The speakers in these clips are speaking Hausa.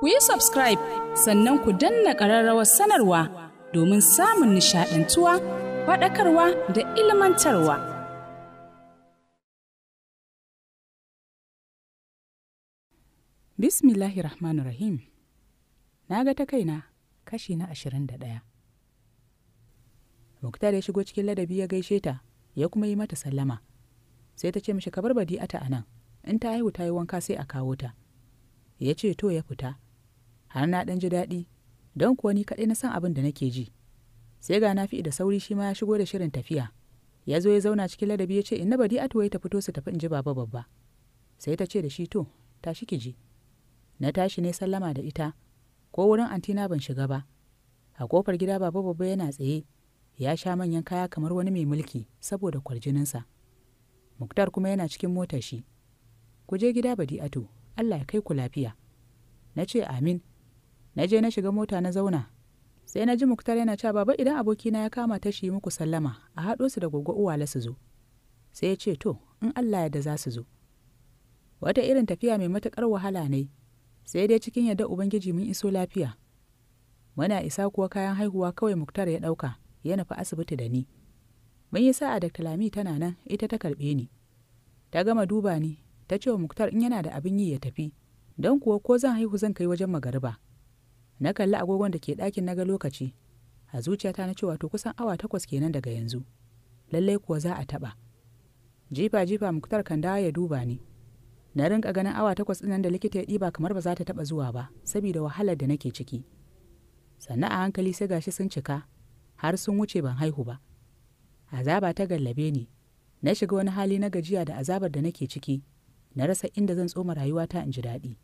ku yi subscribe sannan ku danna ƙararrawar sanarwa domin samun nishaɗantuwa faɗakarwa da ilmantarwa. Bismillahir Rahmanir Rahim Na ga ta kaina kashi na ashirin da ɗaya. Muktar ya shigo cikin ladabi ya gaishe ta ya kuma yi mata sallama. Sai ta ce mishi ka bar badi'ata a nan, in ta haihu ta yi wanka sai a kawo ta. Ya ce to ya fita. har na ɗan ji daɗi don kuwa ni kaɗai na san abin da nake ji sai ga na fi da sauri shi ma ya shigo da shirin tafiya ya zo ya zauna cikin ladabi ya ce inna badi atuwa ta fito su tafi in ji baba babba sai ta ce da shi to tashi ki je na tashi ne sallama da ita ko wurin antina ban shiga ba a kofar gida baba babba yana tsaye ya sha manyan kaya kamar wani mai mulki saboda kwarjininsa muktar kuma yana cikin motar shi ku je gida badi ato allah ya kai ku lafiya na ce amin na je na shiga mota na zauna sai na ji muktar yana cewa baba idan abokina ya kama ta shi muku sallama a haɗo su da gogo uwala su zo sai ya ce to in allah yadda za su zo wata irin tafiya mai matuƙar wahala ne sai dai cikin yadda ubangiji mun iso lafiya muna isa kuwa kayan haihuwa kawai muktar ya ɗauka ya nufi asibiti da ni mun yi sa'a da kalami tana nan ita ta karɓe ni ta gama duba ni ta ce wa muktar in yana da abin yi ya tafi don kuwa ko zan haihu zan kai wajen magariba na kalli agogon da ke ɗakin na ga lokaci a zuciyata na cewa to kusan awa takwas kenan daga yanzu lallai kuwa za a taɓa jifa jifa muktar kan dawo ya duba ni na rinka ganin awa takwas ɗinan da likita ya ɗiba kamar ba za ta taɓa zuwa ba saboda wahalar da nake ciki sannan a hankali sai gashi sun cika har sun wuce ban haihu ba azaba ta gallabe ni na shiga wani hali na gajiya da azabar da nake ciki na rasa inda zan tsoma rayuwata in ji daɗi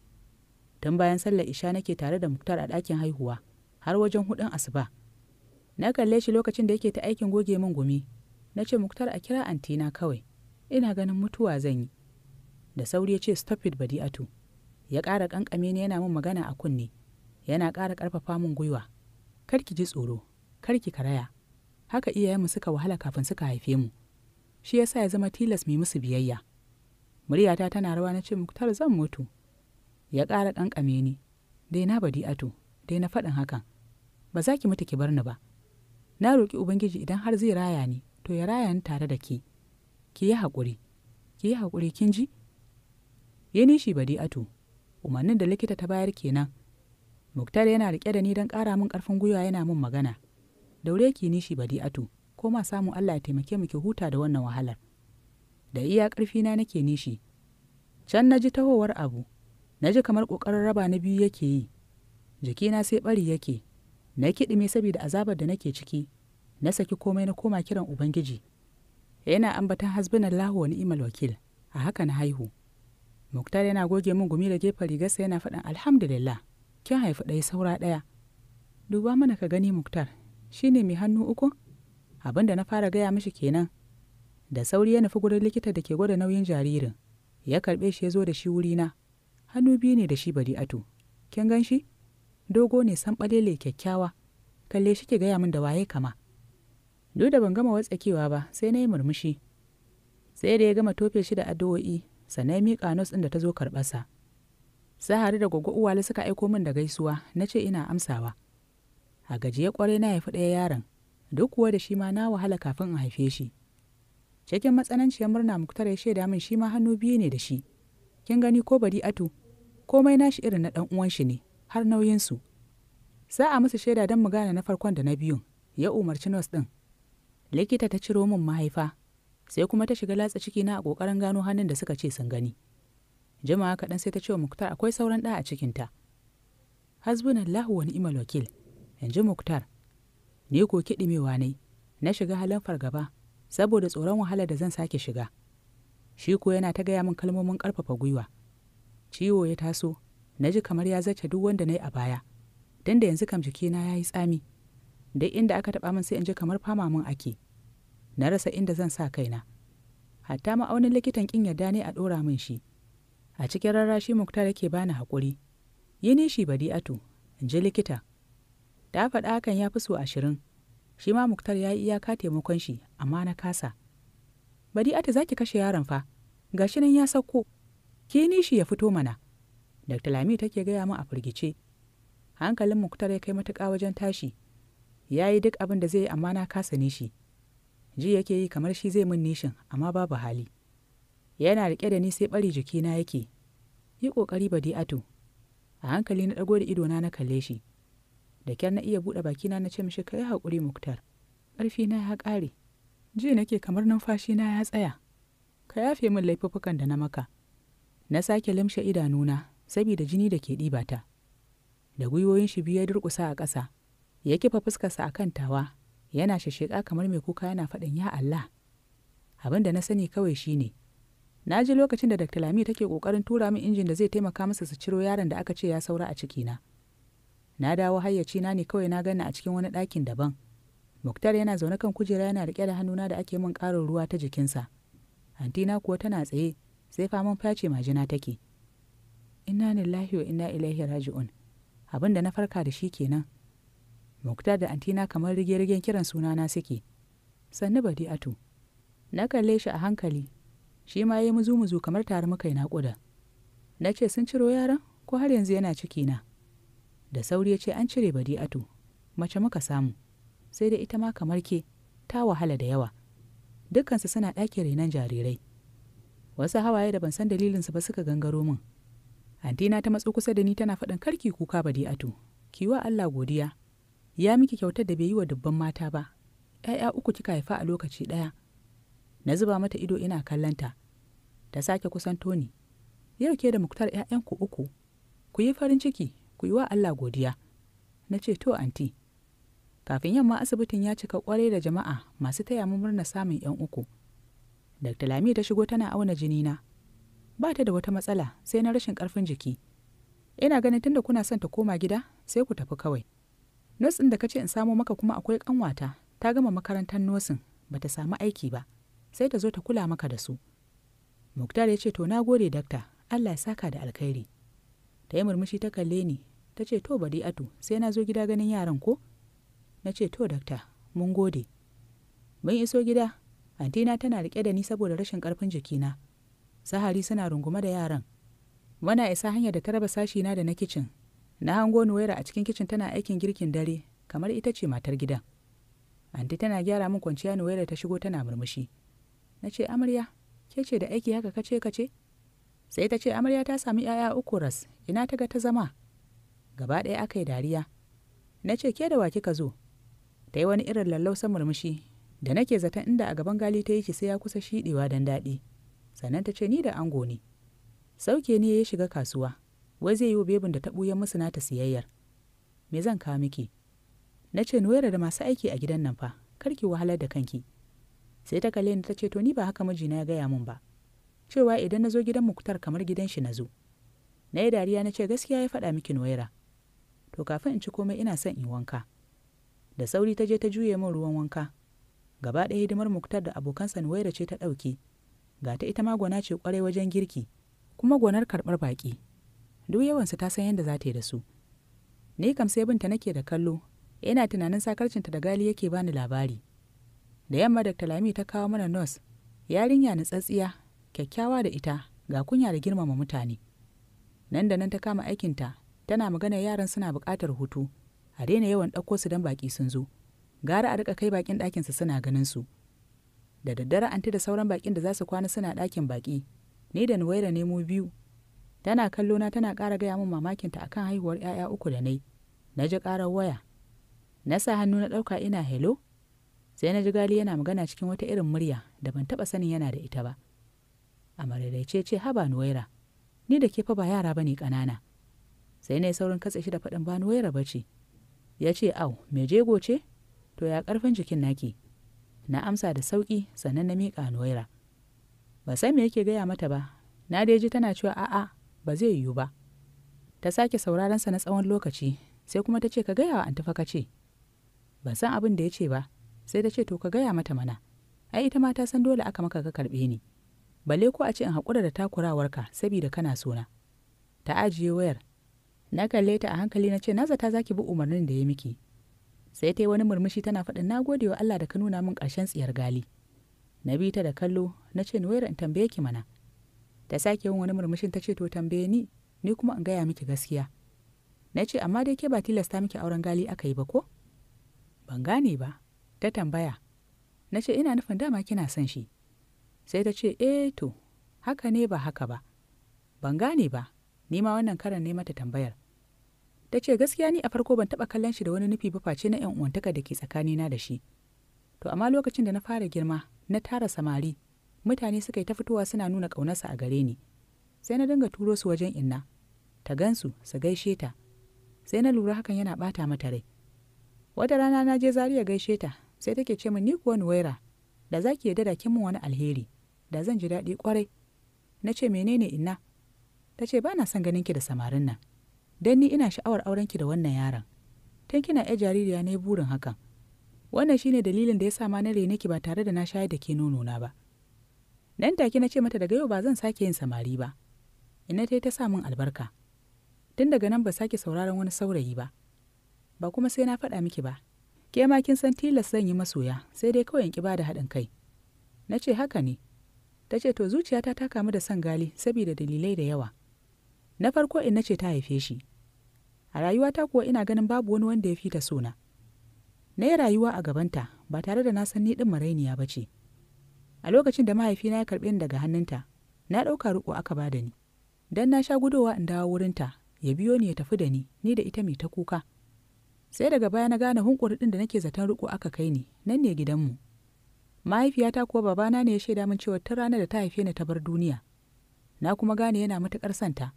tun bayan sallar isha nake tare da muktar a ɗakin haihuwa har wajen hudun asuba na kalle shi lokacin da yake ta aikin goge min gumi na ce muktar a kira antina kawai ina ganin mutuwa zan yi da sauri ya ce stop it badi'atu ya ƙara ƙanƙame ni yana min magana a kunne yana ƙara ƙarfafa min gwiwa kar ki ji tsoro kar ki karaya haka iyayenmu suka wahala kafin suka haife mu shi yasa ya zama tilas mu musu biyayya muryata tana rawa na ce muktar zan mutu ya ƙara ƙanƙame ni dai na badi ato dai na faɗin hakan ba za ki mutu ki bar ni ba na roƙi ubangiji idan har zai raya ni to ya raya ni tare da ke ki yi haƙuri ki yi haƙuri kin ji ya nishi badi ato umarnin da likita ta bayar kenan muktar yana riƙe da ni don ƙara min ƙarfin gwiwa yana min magana daure ki nishi badi ato ko ma samu Allah ya taimake mu ki huta da wannan wahalar da iya ƙarfina nake nishi can na ji tahowar abu na ji kamar ƙoƙarin raba na biyu yake yi jikina sai ɓari yake na kiɗime saboda azabar da nake ciki na saki komai na koma kiran ubangiji yana ambatan hasbin Allah wani imal wakil a haka na haihu muktar yana goge min gumi da gefen rigarsa yana faɗin alhamdulillah kin haifi ɗaya saura ɗaya duba mana ka gani muktar shine mai hannu uku abin da na fara gaya mishi kenan da sauri ya nufi gurin likita da ke gwada nauyin jaririn ya karɓe shi ya zo da shi wurina hannu biyu ne da shi bari'atu kin gan shi dogo ne sanɓalele kyakkyawa kalle shi ke gaya min da waye kama duk da ban gama watsakewa ba sai na yi murmushi sai da ya gama tofe shi da addu'o'i sannan miƙa nos ɗin da ta zo karɓarsa sahari da gwaggo uwali suka aiko min da gaisuwa na ce ina amsawa a gajiye kwarai na haifi ɗaya yaron duk kuwa da shi ma na wahala kafin in haife shi cikin matsananciyar murna muktar ya shaida min shi ma hannu biyu ne da shi kin gani ko bari atu komai nashi irin na ɗan uwan shi ne har nauyinsu za a musu shaida don mu gane na farkon da na biyun ya umarci nurse ɗin likita ta ciro min mahaifa sai kuma ta shiga latsa ciki na a ƙoƙarin gano hannun da suka ce sun gani jama'a kaɗan sai ta ce wa muktar akwai sauran ɗa a cikinta hasbunallahu wa ni'mal wakil in ji muktar ni ko kiɗimewa ne na shiga halin fargaba saboda tsoron wahala da zan sake shiga shi ko yana ta gaya min kalmomin ƙarfafa gwiwa ciwo ya taso na ji kamar ya zace duk wanda na yi a baya don da yanzu kam jikina ya yi tsami duk inda aka taɓa min sai in ji kamar fama min ake na rasa inda zan sa kaina hatta ma'aunin likitan kin yarda ne a ɗora min shi a cikin rarrashi muktar yake bani haƙuri yi nishi badi'atu in ji likita da faɗa hakan ya fi so ashirin shi ma muktar ya yi iyaka taimakon shi amma na kasa badi'atu za ki kashe yaron fa gashi nan ya sauko ke nishi ya fito mana dr lami take gaya min a firgice hankalin muktar ya kai matuƙa wajen tashi ya yi duk abin da zai yi amma na kasa nishi ji yake yi kamar shi zai min nishin amma babu hali yana rike da ni sai ɓari na yake yi ƙoƙari ba ato a hankali na ɗago da ido na na kalle shi da kyar na iya buɗe bakina na ce mishi kai haƙuri muktar ƙarfi na ya ƙare ji nake kamar numfashi na ya tsaya ka yafe min laifuffukan da na maka na sake limshe idanuna saboda jini da ke ɗibata da gwiwoyin shi biyu ya durƙusa a ƙasa ya kifa fuskarsa a kan tawa yana shashiƙa kamar mai kuka yana faɗin ya Allah abin da na sani kawai shine na ji lokacin da Dr. Lami take ƙoƙarin tura min injin da zai taimaka masa su ciro yaron da aka ce ya saura a cikina na dawo hayyaci na ne kawai na gana a cikin wani ɗakin daban Muktar yana zaune kan kujera yana riƙe da hannuna da ake min ƙarin ruwa ta jikinsa antina kuwa tana tsaye sai faman face majina take inna lillahi wa inna ilaihi raji'un abin da na farka da shi kenan mukta da antina kamar rige-rigen kiran suna na suke sannu badi'atu na kalle shi a hankali shi ma ya muzu-muzu kamar tare muka yi naƙuda na ce sun ciro yaran ko har yanzu yana ciki na da sauri ya ce an cire badi'atu mace muka samu sai da ita ma kamar ke ta wahala da yawa dukkansu suna ɗaki renon jarirai wasu hawaye da ban san dalilinsu ba suka gangaro min antina ta matso kusa da ni tana faɗin karki kuka ba di'atu ki wa Allah godiya ya miki kyautar da bai yi wa dubban mata ba ‘ya'ya uku kika haifa a lokaci ɗaya na zuba mata ido ina kallanta ta sake kusan toni. yau ke da muktar ‘ya'yanku uku ku yi farin ciki ku yi wa Allah godiya na ce to anti kafin yamma asibitin ya cika kwarai da jama'a masu taya mu murna samun ‘yan uku. Dr. Lami ta shigo tana auna jini na. Ba ta da wata matsala sai na rashin ƙarfin jiki. Ina ganin tunda kuna son ta koma gida sai ku tafi kawai. Nos ɗin da ka ce in samo maka kuma akwai ƙanwata ta gama makarantar nosin ba ta samu aiki ba sai ta zo ta kula maka da su. Muktar ya ce to na gode dakta Allah ya saka da alkhairi. Ta yi murmushi ta kalle ni ta ce to bari atu sai na zo gida ganin yaran ko? Na ce to dakta mun gode. Mun iso gida antina tana rike da ni saboda rashin ƙarfin jikina sahari suna rungume da yaran muna isa hanyar da ta raba na da na kicin na hango nuwaira a cikin kicin tana aikin girkin dare kamar ita ce matar gidan anti tana gyara min kwanciya nuwaira ta shigo tana murmushi na ce amarya ke ce da aiki haka kace kace sai ta ce amarya ta sami yaya uku ras ina ta ga ta zama gaba ɗaya aka yi dariya na ce ke da wa kika zo ta yi wani irin lallausan murmushi da nake zaton inda a gaban gali ta yi ki sai ya kusa shiɗewa don daɗi sannan ta ce ni da ango ne sauke ne ya shiga kasuwa wai zai yi wa bebin da ta ɓuya musu nata siyayyar me zan kawo miki na ce ni da masu aiki a gidan nan fa kar ki wahalar da kanki sai ta kalle ni ta ce to ni ba haka mijina ya gaya min ba cewa idan na zo gidan muktar kamar gidan shi na zo na yi dariya na ce gaskiya ya faɗa miki noyara to kafin in ci komai ina son in wanka da sauri ta je ta juye min ruwan wanka gaba ɗaya hidimar muktar da abokansa nuwaira ce ta ɗauke ga ta ita ma gwana ce kwarai wajen girki kuma gonar karɓar baƙi duk yawansu ta san yadda za ta yi da su ni kam sai binta nake da kallo ina tunanin sakarcinta da gali yake bani labari da yamma dr lami ta kawo mana nos yarinya na tsatsiya kyakkyawa da ita ga kunya da girmama mutane nan da nan ta kama aikinta tana magana yaran suna buƙatar hutu a daina yawan ɗauko su don baƙi sun zo gara a rika kai bakin ɗakinsu suna ganin su da daddare anti da sauran bakin da za su kwana suna ɗakin baki ni da nuwaira nemo biyu tana kallo na tana ƙara gaya min mamakinta akan haihuwar 'ya'ya uku da nai na ji ƙarar waya na sa hannu na ɗauka ina hello sai na ji gali yana magana cikin wata irin murya da ban taɓa sanin yana da ita ba a maraidaice ce haba nuwaira ni da ke fa ba yara ba ne ƙanana sai na yi saurin katse shi da faɗin ba nuwaira ba ce ya ce au me jego ce to ya karfin jikin naki na amsa da sauƙi sannan na miƙa noira ba sai me yake gaya mata ba na dai ji tana cewa a'a ba zai yiwu ba ta sake sauraron sa na tsawon lokaci sai kuma ta ce ka gaya wa antafa ka ce ban san abin da ya ce ba sai ta ce to ka gaya mata mana ai ita ma ta san dole aka maka ka karɓe ni Bale, ko a ce in haƙura da ka, saboda kana sona ta ajiye wayar na kalle ta a hankali na ce na zata zaki bi umarnin da ya miki sai ta yi wani murmushi tana faɗin na gode wa Allah da ka nuna min ƙarshen tsiyar gali na bi ta da kallo na ce ni wayar in tambaye ki mana ta sake yin wani murmushin ta ce to tambaye ni ni kuma in gaya miki gaskiya na ce amma dai ke ba tilasta miki auren gali aka yi ba ko ban gane ba ta tambaya na ce ina nufin dama kina son shi sai ta ce eh to haka ne ba haka ba ban gane ba ni ma wannan karan ne mata tambayar ta ce gaskiya ni a farko ban taɓa kallon shi da wani nufi ba face na 'yan uwantaka da ke tsakanina da shi to amma lokacin da na fara girma na tara samari mutane suka yi ta fitowa suna nuna ƙaunarsa a gare ni sai na dinga turo su wajen inna ta gansu su gaishe ta sai na lura hakan yana ɓata mata rai wata rana na je zariya gaishe ta sai take ce min ni kuwa nuwaira da za ki yarda kin mun wani alheri da zan ji daɗi kwarai na ce menene inna ta ce ba na son ganin ki da samarin nan dan ni ina sha'awar aurenki da wannan yaron tun kina ya jaririya na burin hakan wannan shine dalilin da ya sa ma na rene ki ba tare da na shayar da ke nono na ba nan take na ce mata daga yau ba zan sake yin samari ba ina ta ta sa min albarka tun daga nan ba sake sauraron wani saurayi ba ba kuma sai na faɗa miki ba ke ma kin san tilas zan yi masoya sai dai kawai in ki bada haɗin kai na ce haka ne ta ce to zuciyata ta kamu da san gali saboda dalilai da yawa na farko ina ce ta haife shi a rayuwata kuwa ina ganin babu wani wanda ya fi ta sona na yi rayuwa a gabanta ba tare da na san ni ɗin marainiya ba ce a lokacin da mahaifina ya karɓe ni daga hannunta na ɗauka riƙo aka ba da ni don na sha gudowa in dawo wurinta ya biyo ni ya tafi da ni ni da ita mai ta kuka sai daga baya na gane hunkuri ɗin da nake zaton riƙo aka kai ni nan ne gidanmu mahaifiyata kuwa babana ne ya shaida min cewa ta rana da ta haife ni ta bar duniya na kuma gane yana matuƙar santa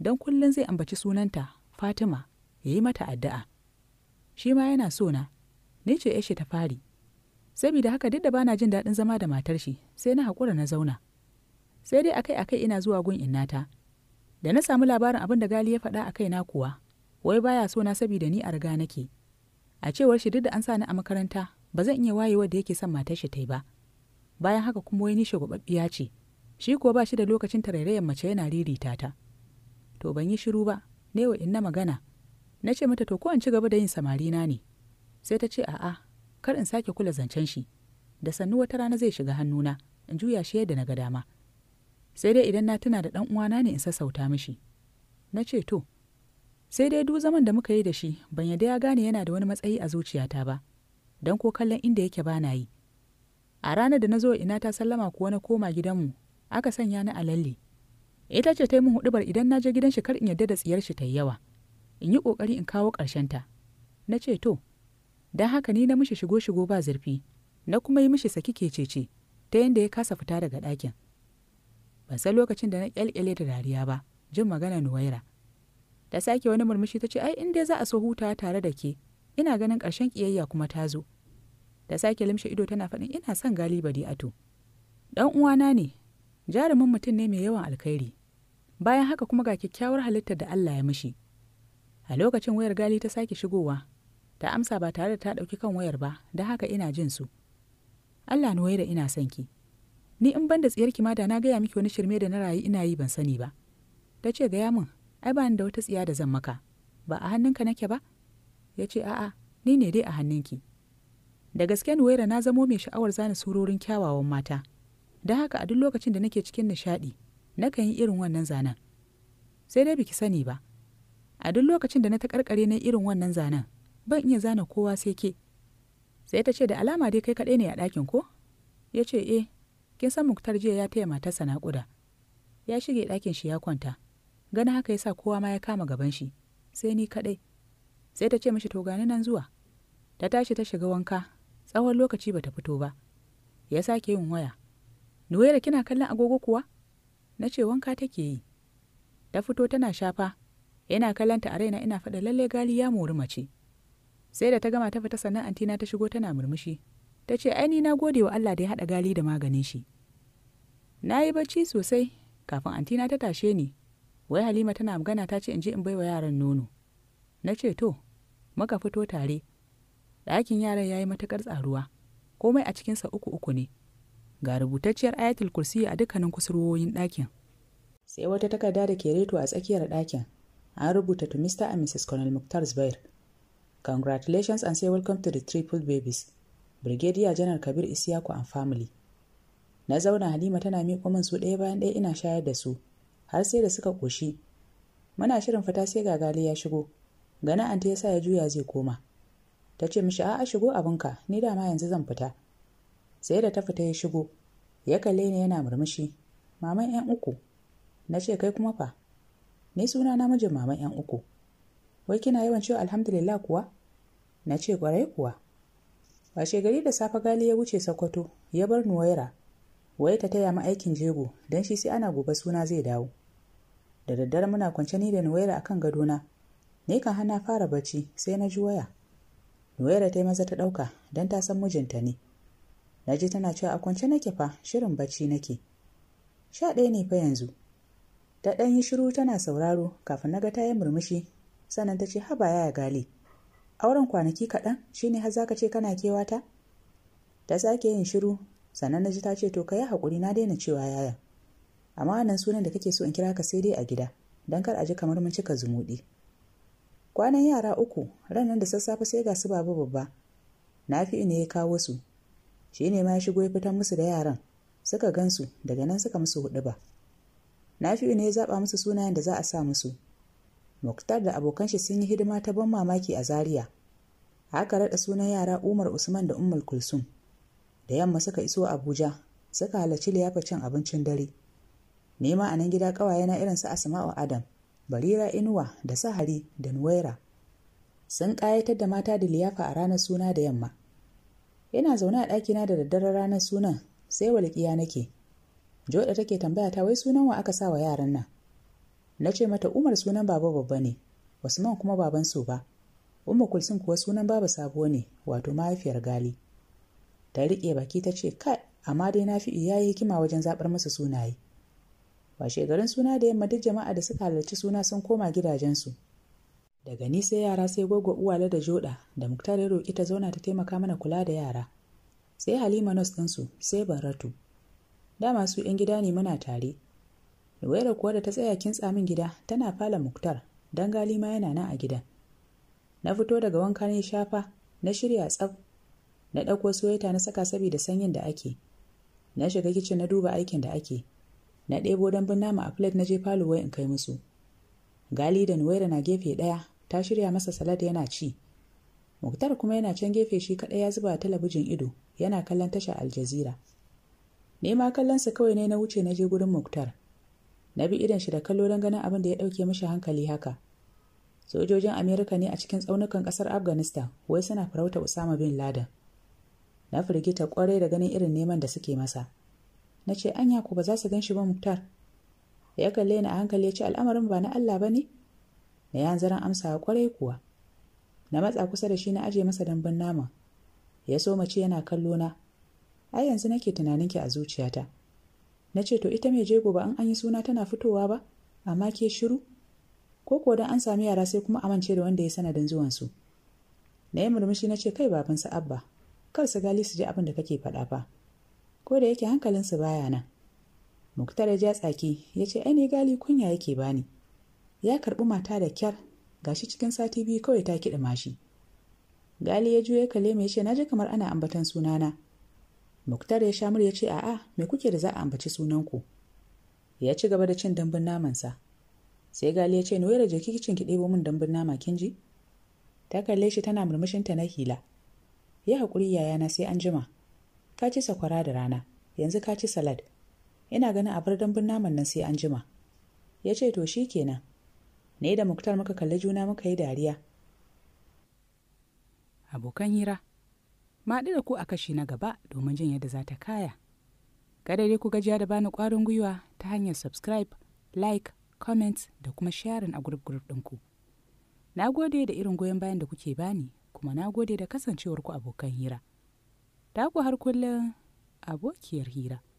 don kullum zai ambaci sunanta fatima ya yi mata addu'a shi ma yana so na. ni ce yashi ta fari saboda haka duk da bana jin daɗin zama da matar shi sai na haƙura na zauna sai dai akai akai ina zuwa gun innata da na samu labarin abin da gali ya faɗa a kaina kuwa wai baya so na saboda ni a riga nake a cewar shi duk da an sa ni a makaranta ba zan iya wayewa da yake son matar shi ta yi ba bayan haka kuma wai ni shagwababbiya ce shi kuwa ba shi da lokacin tarairayin mace yana ririta ta to ban yi shiru ba ne wa inna magana na ce mata to ko in ci gaba da yin samari na ne sai ta ce a'a kar in sake kula zancen shi da sannu wata rana zai shiga hannuna in juya shi yadda na ga dama sai dai idan na tuna da ɗan uwana ne in sassauta mishi na ce to sai dai duk zaman da muka yi da shi ban yadda ya gane yana da wani matsayi a zuciyata ba don ko kallon inda yake ba na yi a ranar da na zo ina ta sallama kuwa na koma gidanmu aka sanya ni a lalle ita eh, ce ta yi min hudubar idan na je gidan shi kar in yarda da tsiyar shi ta yi yawa in yi kokari in kawo ƙarshen ta na ce to don haka ni na mishi shigo shigo ba zurfi na kuma yi mishi saki kecece ta yadda ya kasa fita daga ɗakin ban san lokacin da na ƙyalƙyale da dariya ba jin magana nuwaira ta sake wani murmushi ta ce ai in dai za a so hutawa tare da ke ina ganin ƙarshen ƙiyayya kuma ta zo ta sake limshe ido tana faɗin ina son galibari ato dan uwana ne jarumin mutum ne mai yawan alkhairi bayan haka kuma ga kyakkyawar halittar da Allah ya mishi a lokacin wayar gali ta sake shigowa ta amsa ba tare da ta ɗauki kan wayar ba da haka ina jin su Allah ni da ina son ki ni in ban da ki ma da na gaya miki wani shirme da na rayu ina yi ban sani ba ta ce gaya min ai ba da wata tsiya da zan maka ba a hannunka nake ba ya ce a'a ni ne dai a hannunki da gaske nuwaira na zamo mai sha'awar zana surorin kyawawan mata Da haka a duk lokacin da nake cikin nishaɗi nakan yi irin wannan zanen sai dai biki sani ba a duk lokacin da na ta karkare na irin wannan zanen ban iya zana kowa sai ke sai ta ce da alama dai kai kaɗai ne a ɗakin ko ya ce eh kin san muktar jiya ya taya matarsa naƙuda ya shige ɗakin shi ya kwanta gana haka ya sa kowa ma ya kama gaban shi sai ni kaɗai sai ta ce mishi to gani nan zuwa ta tashi ta shiga wanka tsawon lokaci bata fito ba ya sake yin waya nuwera kina kallon agogo kuwa na ce wanka take yi ta fito tana shafa yana kallanta a raina ina faɗa lalle gali ya mori mace sai da ta gama ta fita sannan antina ta shigo tana murmushi ta ce ai ni na gode wa Allah da ya haɗa gali da maganin shi na yi bacci sosai kafin antina ta tashe ni wai halima tana magana ta ce in je in baiwa yaran nono na ce to muka fito tare ɗakin yaran ya yi matuƙar tsaruwa komai a cikinsa uku uku ne ga rubutacciyar ayatul kursi a dukkanin kusurwoyin ɗakin sai wata takarda da ke reto a tsakiyar ɗakin an rubuta to mr and mrs colonel muktar zubair congratulations and say welcome to the triple babies brigadier janar kabir isiyaku and family na zauna halima tana miƙo min su ɗaya bayan ɗaya ina shayar da su har sai da suka ƙoshi muna shirin fita sai gali ya shigo gana anta ya sa ya juya zai koma ta ce mishi a'a shigo abinka ni dama yanzu zan fita sai da ta fita ya shigo ya kalle ni yana murmushi maman yan uku na ce kai kuma fa ni suna na mijin maman yan uku wai kina yawan cewa alhamdulillah kuwa na ce kwarai kuwa a gari da safe gali ya wuce sokoto ya bar nuwaira wai ta taya ma aikin jego don shi sai ana gobe suna zai dawo da daddare muna kwance ni da nuwaira akan gadona ne kan hana fara bacci sai na ji waya nuwaira ta yi maza ta ɗauka don ta san mijinta ne na ji tana cewa a kwance nake fa shirin bacci nake sha ɗaya ne fa yanzu ta ɗan yi shiru tana sauraro kafin na ga ta yi murmushi sannan ta ce haba yaya gale." auren kwanaki kaɗan shine har zaka ce kana kewa ta Ta sake yin shiru sannan na ji ta ce to ka yi haƙuri na daina cewa yaya amma wannan sunan da kake so in kira ka sai dai a gida don kar a ji kamar mun cika zumuɗi kwanan yara uku ran nan da sassafe sai ga su babu babba na fi ne ya kawo su shi ne ma ya shigo ya fitar musu da yaran suka gansu daga nan suka musu hudu ba nafi'u ne ya zaba musu sunayen da za a sa musu muktar da abokan shi sun yi hidima ta ban mamaki a zaria haka raɗa sunan yara umar usman da umar kulsum da yamma suka iso abuja suka halarci liyafa cin abincin dare nema a nan gida ƙawaye na irin su asma'u adam barira inuwa da sahari da nuwaira sun ƙayatar da mata da liyafa a ranar suna da yamma ina zaune a ɗakina da daddare ranar sunan sai walƙiya nake joda take tambaya ta wai sunan wa aka sa wa yaran nan na ce mata umar sunan baba babba ne usman kuma baban su ba umma kulsum kuwa sunan baba sabo ne wato mahaifiyar gali ta riƙe baki ta ce kai amma dai na fi iya yi hikima wajen zaɓar masa sunaye Ba shekarun suna da yamma duk jama'a da suka halarci suna sun koma gidajensu daga ni sai yara sai gwaggo uwala da joda da muktar ya roƙi ta zauna ta taimaka mana kula da yara sai halima nos ɗinsu sai ban ratu. dama su 'yan gida ne muna tare Ruwaira kuwa da ta tsaya kintsa min gida tana fala muktar don gali yana nan a gidan. Na fito daga wanka ne shafa, na shirya tsaf, na ɗauko soyata na saka saboda sanyin da ake. Na shiga kicin na duba aikin da ake. Na ɗebo dambun nama a plate na je faluwai in kai musu. Gali da Nuwaira na gefe ɗaya, ta shirya masa salad yana ci muktar kuma yana can gefe shi kaɗai ya zuba talabijin ido yana kallon tasha aljazira ne ma kallonsa kawai ne na wuce na je gurin muktar na bi idan shi da kallo don ganin abin da ya ɗauke mashi hankali haka sojojin amerika ne a cikin tsaunukan ƙasar afghanistan wai suna farauta usama bin laden na firgita kwarai da ganin irin neman da suke masa na ce anya ku ba za su gan shi ba muktar ya kalle ni a hankali ya ce al'amarin ba na allah ba ne na yanzaran amsa amsawa kwarai kuwa na matsa kusa da shi na aje masa dambun nama ya so mace yana kallo na ai yanzu nake tunanin ki a zuciyata na ce to ita mai jego ba an an yi suna tana fitowa ba amma ke shiru ko ko dan an sami yara sai kuma amince da wanda ya sanadin zuwan su na yi murmushi na ce kai baban su abba kar su gali su ji abin da kake faɗa fa ko da yake hankalin su baya nan muktar ya ja tsaki ya ce ai ne gali kunya yake bani ya karɓi mata da kyar gashi cikin sati biyu kawai ta kiɗa mashi gali ya juya kale mai ce naji kamar ana ambatan sunana muktar ya sha ya ce a'a me kuke da za a ambaci sunanku ya ci gaba da cin dambun namansa sai gali ya ce ni wayar jeki kicin ki ɗebo min dambun nama kin ji ta kalle shi tana murmushin ta na hila ya hakuri yaya na, sai an jima ka ci sakwara da rana yanzu ka ci salad ina ganin a bar dambun naman nan sai an jima ya ce to shi kenan ne da muktar muka kalli juna muka yi dariya abokan hira ma da ku a kashi na gaba domin jin yadda za ta kaya kada dai ku gajiya da bani ƙwarin gwiwa ta hanyar subscribe like comment da kuma sharing a group ɗinku na gode da irin goyon bayan da kuke bani kuma na gode da kasancewar kasancewarku abokan hira ta ku har kullum abokiyar hira